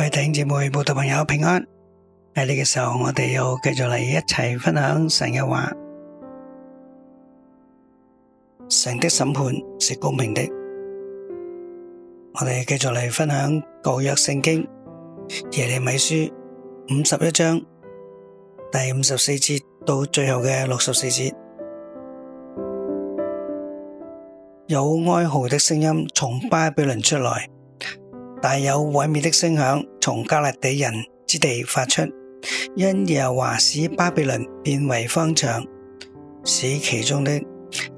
各位弟兄姊妹、播道朋友平安。喺呢個時候，我哋又繼續嚟一齊分享神嘅話。神的審判是公平的。我哋繼續嚟分享舊約聖經耶利米書五十一章第五十四節到最後嘅六十四節。有哀嚎的聲音從巴比倫出來。大有毀滅的聲響從加勒底人之地發出，因耶和華使巴比倫變為荒場，使其中的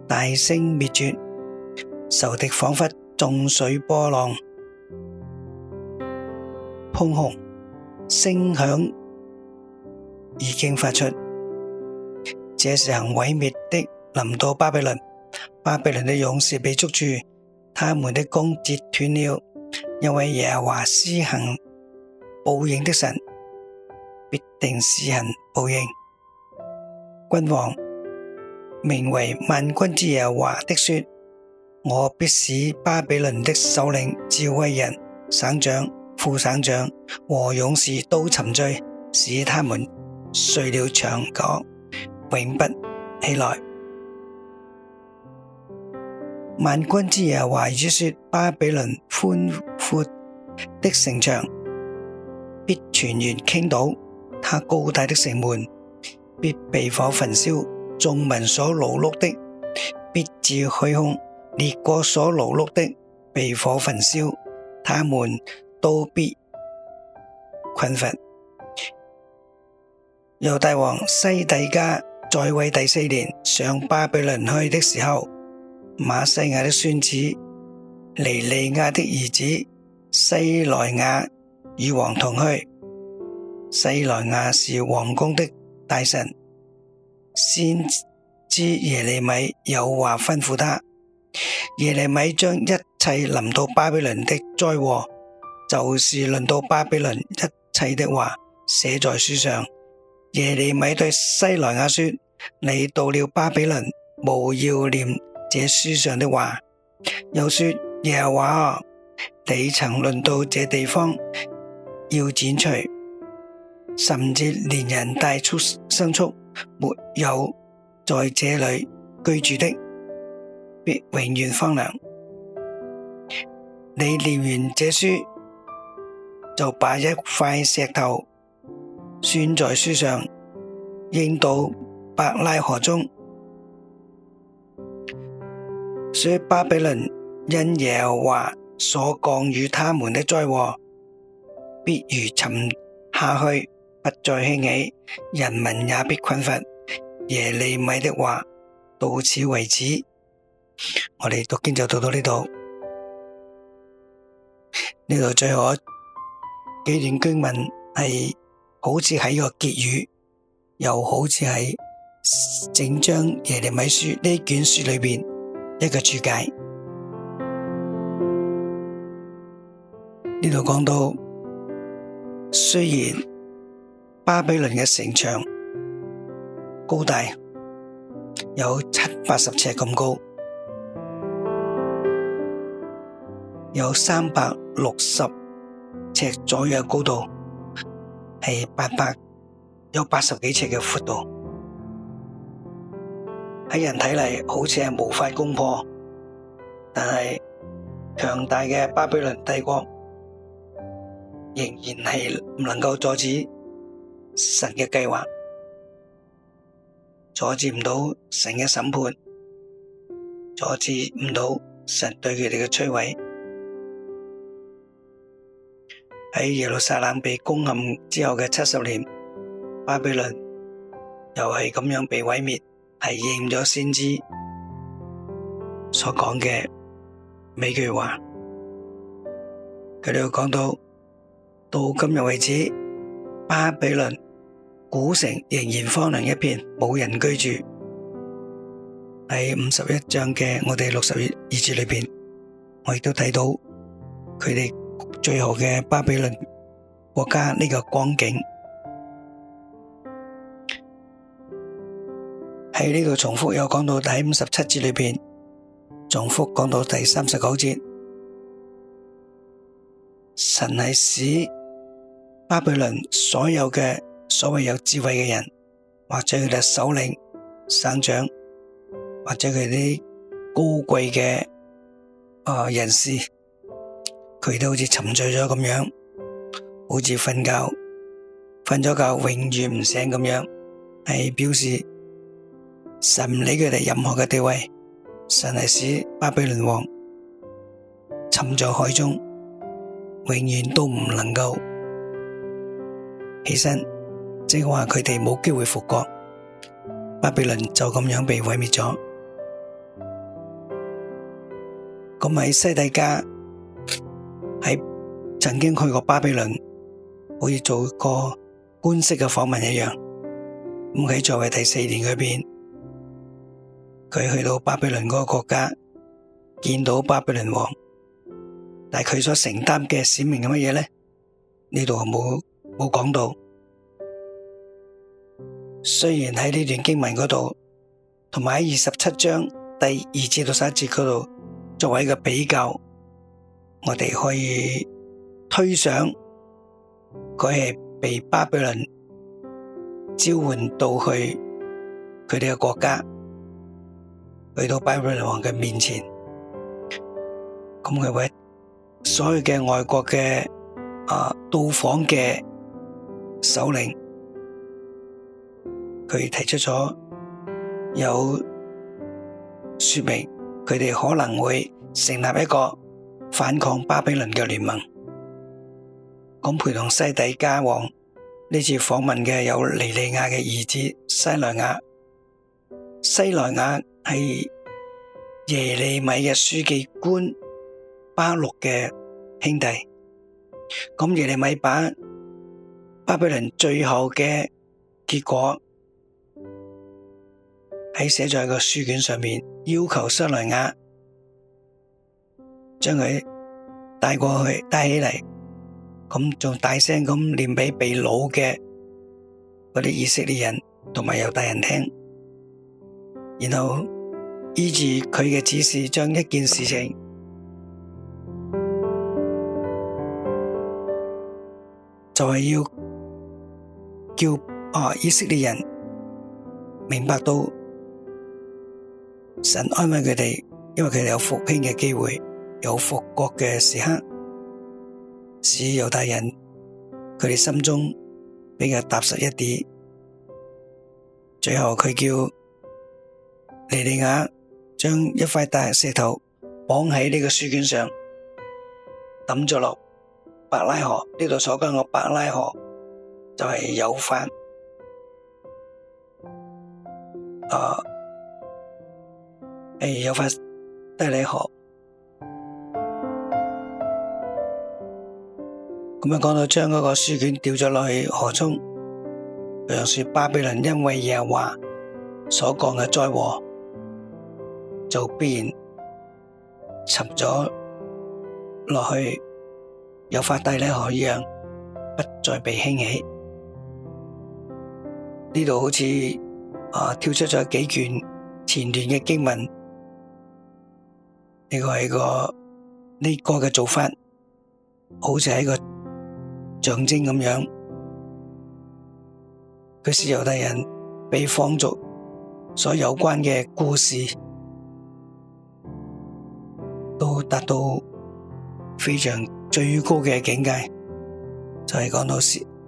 大聲滅絕，仇敵仿佛重水波浪，轟轟聲響已經發出，這時候毀滅的臨到巴比倫，巴比倫的勇士被捉住，他們的弓折斷了。因為耶華施行報應的神，必定施行報應。君王名為萬軍之耶華的說：我必使巴比倫的首領、照衛人、省長、副省長和勇士都沉醉，使他們睡了長角，永不起來。萬軍之耶和華說：巴比倫寬闊的城牆必全然傾倒，他高大的城門必被火焚燒。眾民所勞碌的必自虛空，列國所勞碌的被火焚燒。他們都必困乏。猶大王西底家在位第四年，上巴比倫去的時候。馬西亞的孫子尼利亞的兒子西萊亞與王同去。西萊亞是王宮的大臣。先知耶利米有話吩咐他：耶利米將一切臨到巴比倫的災禍，就是論到巴比倫一切的話，寫在書上。耶利米對西萊亞說：你到了巴比倫，務要念。這書上的話，又說耶和華啊，你曾論到這地方要剪除，甚至連人帶畜牲畜沒有在這裡居住的，必永遠荒涼。你念完這書，就把一塊石頭拴在書上，應到伯拉河中。所以巴比倫因耶和華所降與他們的災禍，必如沉下去，不再興起，人民也必困乏。耶利米的話到此為止，我哋讀經就讀到呢度，呢度最後幾段經文係好似喺一個結語，又好似喺整張耶利米書呢卷書裏邊。一個註解，呢度講到，雖然巴比倫嘅城牆高大，有七八十尺咁高，有三百六十尺左右嘅高度，係八百有八十幾尺嘅闊度。喺人睇嚟，好似係無法攻破，但係強大嘅巴比倫帝國仍然係唔能夠阻止神嘅計劃，阻止唔到神嘅審判，阻止唔到神對佢哋嘅摧毀。喺耶路撒冷被攻陷之後嘅七十年，巴比倫又係咁樣被毀滅。係應咗先知所講嘅每句話，佢哋講到，到今日為止，巴比倫古城仍然荒涼一片，冇人居住。喺五十一章嘅我哋六十二節裏邊，我亦都睇到佢哋最後嘅巴比倫國家呢個光景。喺呢度重複又講到第五十七節裏邊，重複講到第三十九節，神係使巴比倫所有嘅所謂有智慧嘅人，或者佢哋首領、省長，或者佢哋啲高貴嘅啊人士，佢都好似沉醉咗咁樣，好似瞓覺，瞓咗覺永遠唔醒咁樣，係表示。神唔理佢哋任何嘅地位，神係使巴比倫王沉在海中，永遠都唔能夠起身，即係話佢哋冇機會復國，巴比倫就咁樣被毀滅咗。咁喺西底家喺曾經去過巴比倫，好似做過官式嘅訪問一樣。咁喺在位第四年嗰邊。佢去到巴比倫嗰個國家，見到巴比倫王，但係佢所承擔嘅使命係乜嘢咧？呢度冇冇講到。雖然喺呢段經文嗰度，同埋喺二十七章第二至到十一節嗰度作為一個比較，我哋可以推想佢係被巴比倫召喚到去佢哋嘅國家。去到巴比倫王嘅面前，咁佢為所有嘅外國嘅啊到訪嘅首領，佢提出咗有說明，佢哋可能會成立一個反抗巴比倫嘅聯盟。咁陪同西底家王呢次訪問嘅有尼利亞嘅兒子西萊亞，西萊亞。係耶利米嘅書記官巴錄嘅兄弟，咁耶利米把巴比倫最後嘅結果喺寫在個書卷上面，要求撒萊亞將佢帶過去帶起嚟，咁仲大聲咁念畀被擄嘅嗰啲以色列人同埋猶大人聽。然後依住佢嘅指示，將一件事情就係要叫啊以色列人明白到神安慰佢哋，因為佢哋有復興嘅機會，有復國嘅時刻，使猶太人佢哋心中比較踏實一啲。最後佢叫。尼底亞將一塊大石頭綁喺呢個書卷上，抌咗落白拉河呢度所講嘅白拉河就係有法，誒、啊欸、有法，低你河。咁啊，講到將嗰個書卷掉咗落去河中，楊說巴比倫因為耶華所講嘅災禍，就必然沉咗落去，有法帝呢海洋不再被興起。呢度好似啊跳出咗幾卷前段嘅經文，呢、這個係個呢、這個嘅做法，好似係一個象徵咁樣。佢是猶太人被放逐所有關嘅故事。都達到非常最高嘅境界，就係、是、講到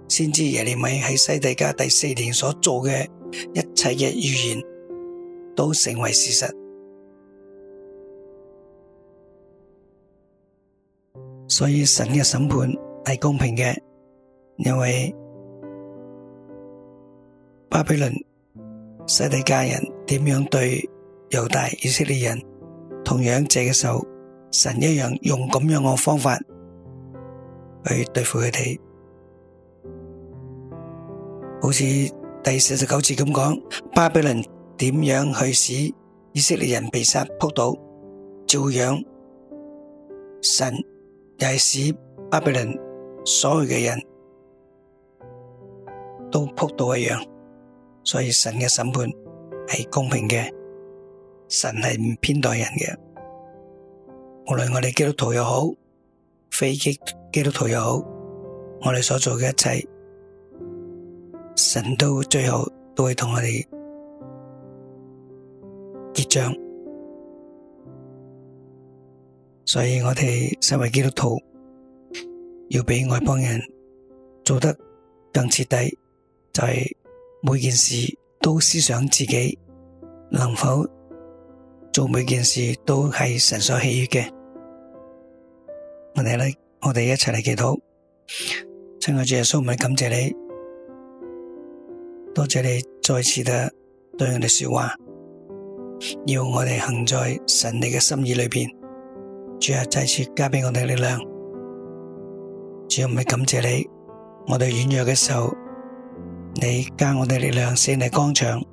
先知耶利米喺西底家第四年所做嘅一切嘅預言，都成為事實。所以神嘅審判係公平嘅，因為巴比倫、西底家人點樣對猶大以色列人，同樣借嘅手。神一樣用咁樣嘅方法去對付佢哋，好似第四十九次咁講，巴比倫點樣去使以色列人被殺撲倒，照樣神又係使巴比倫所有嘅人都撲倒一樣，所以神嘅審判係公平嘅，神係唔偏待人嘅。無論我哋基督徒又好，非基督徒又好，我哋所做嘅一切，神都最後都會同我哋結賬。所以我哋身為基督徒，要比外邦人做得更徹底，就係、是、每件事都思想自己能否做每件事都係神所喜悦嘅。我哋咧，我哋一齊嚟祈禱。親愛的主耶穌，我哋感謝你，多謝你再次嘅對我哋說話，要我哋行在神你嘅心意裏邊。主啊，再次加俾我哋力量。主啊，唔係感謝你，我哋軟弱嘅時候，你加我哋力量，勝利光場。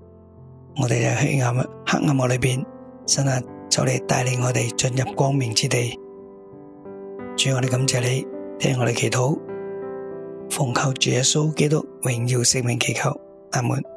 我哋喺黑暗黑暗幕裏邊，神啊，就嚟帶領我哋進入光明之地。主，我哋感謝你，聽我哋祈禱，奉靠耶穌基督榮耀聖名祈求，阿門。